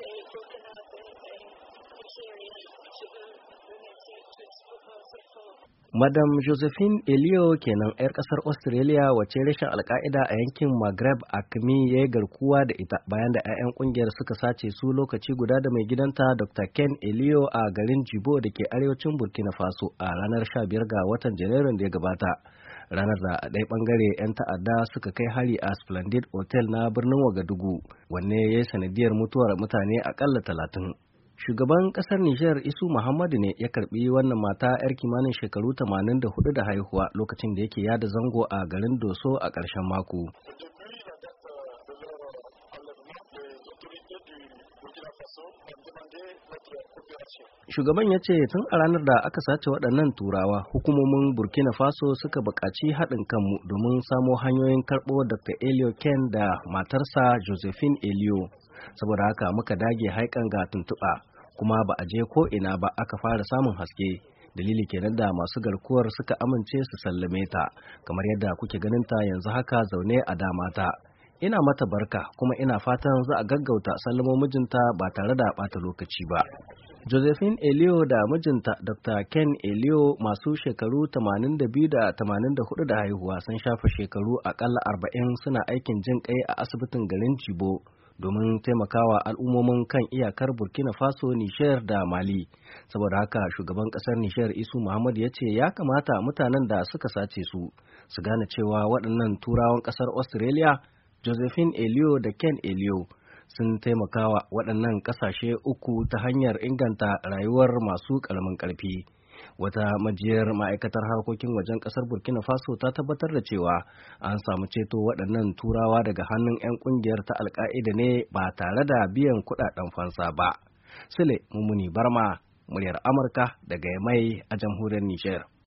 day taken up Madam Josephine Elio kenan 'yar kasar Australia wace rashin alka'ida a yankin Maghreb Akmi ya yi garkuwa da ita bayan da 'ya'yan kungiyar suka sace su lokaci guda da mai gidanta Dr. Ken Elio a garin Jibo da ke arewacin Burkina Faso a ranar 15 ga watan Janairun da ya gabata. Ranar da a ɗaya ɓangare 'yan ta'adda suka kai hari a Splendid Hotel na birnin Wagadugu, wanne ya yi sanadiyar mutuwar mutane akalla talatin. Shugaban ƙasar Nijar Isu Muhammadu ne ya karbi wannan mata 'yar kimanin shekaru 84 da haihuwa lokacin da yake yada zango a garin Doso a ƙarshen mako. Shugaban ya ce tun a ranar da aka sace waɗannan turawa hukumomin Burkina Faso suka buƙaci haɗin kanmu domin samo hanyoyin karɓo Dr. Elio Ken da matarsa Josephine Elio. Saboda haka muka dage haikan ga tuntuɓa kuma ba a je ko ina ba aka fara samun haske dalili kenan da masu garkuwar suka amince su sallame ta kamar yadda kuke ganin ta yanzu haka zaune a dama ta ina mata barka kuma ina fatan za a gaggauta sallamo mijinta ba tare da ɓata lokaci ba josephine elio da mijinta dr ken elio masu shekaru 82 da 84 da haihuwa sun shafa shekaru akalla 40 suna aikin jin kai a asibitin garin cibo domin taimakawa al'ummomin kan iyakar burkina faso nishiyar da mali saboda haka shugaban kasar nishiyar isu muhammad ya ce ya kamata mutanen da suka sace su su gane cewa waɗannan turawan kasar australia josephine elio da ken elio sun taimakawa waɗannan ƙasashe uku ta hanyar inganta rayuwar masu ƙaramin ƙarfi. wata majiyar ma'aikatar harkokin wajen kasar burkina faso ta tabbatar da cewa an samu ceto waɗannan turawa daga hannun 'yan ƙungiyar ta alka'ida ne ba tare da biyan kuɗaɗen fansa ba sile mummuni barma muryar amurka daga mai a jamhuriyar nijar